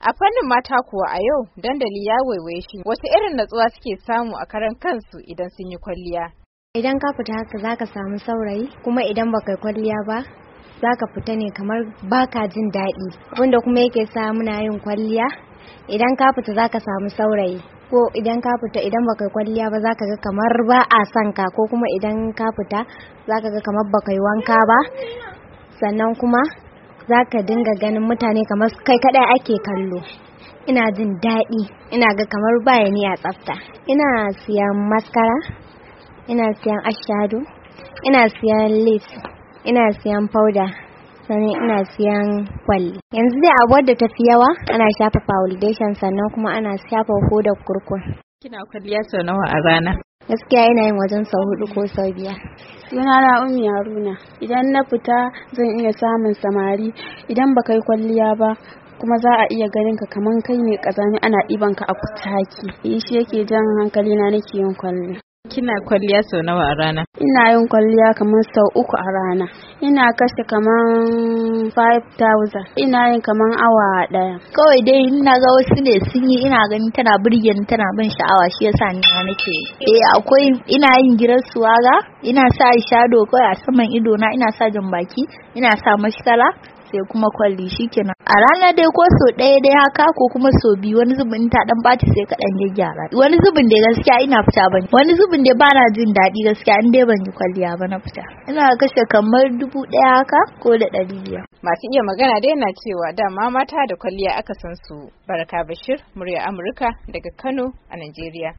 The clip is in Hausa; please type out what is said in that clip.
A fannin mata kuwa a yau dandali ya waiwaye shi wasu irin natsuwa suke samu a karan kansu idan sun yi kwalliya. Idan ka fita haka za ka samu saurayi kuma idan ba kai kwalliya ba za ka fita ne kamar baka jin daɗi wanda kuma yake sa muna yin kwalliya idan ka fita za ka samu saurayi ko idan ka fita idan baka kwalliya ba za ka ga kamar ba a son ka ko kuma idan ka fita za ka ga kamar baka yi wanka ba sannan kuma za ka dinga ganin mutane kamar kai kaɗai ake kallo ina jin daɗi ina ga kamar bayani a tsafta ina siyan maskara ina siyan ashado ina siyan leaf. ina siyan powder sannan ina siyan kwalli yanzu dai abuwar da tafi yawa ana shafa foundation sannan kuma ana shafa hodar kurkur kina kwalliya sau nawa a rana gaskiya yana yin wajen sau hudu ko sau biyar suna na umi haruna idan na fita zan iya samun samari idan ba kai kwalliya ba kuma za a iya ganin ka kaman kai ne kazani ana ɗiban ka a kutaki eh, shi yake jan hankali na nake yin kwalliya Kina kwalliya sau nawa a rana? Ina yin kwalliya kamar sau uku a rana. Ina kashe kamar 5,000. Ina yin kamar awa ɗaya. Kawai dai ina ga wasu ne sun yi ina ganin tana burge tana ban sha'awa shi yasa ni na nake. Eh akwai ina yin girar suwaga, ina sa shado kawai a saman ido na, ina sa jan baki, ina sa mashkala, sai kuma kwalli shi shikenan a rana dai ko so ɗaya dai haka ko kuma so biyu wani zubin ta dan baci sai ka dan gyara wani zubin dai gaskiya ina fita ban wani zubin dai bana jin daɗi gaskiya in dai ban yi kwalliya ba na fita ina kashe kamar dubu ɗaya haka ko da ɗari biyar masu iya magana dai na cewa dama mata da kwalliya aka san su baraka bashir murya amurka daga kano a najeriya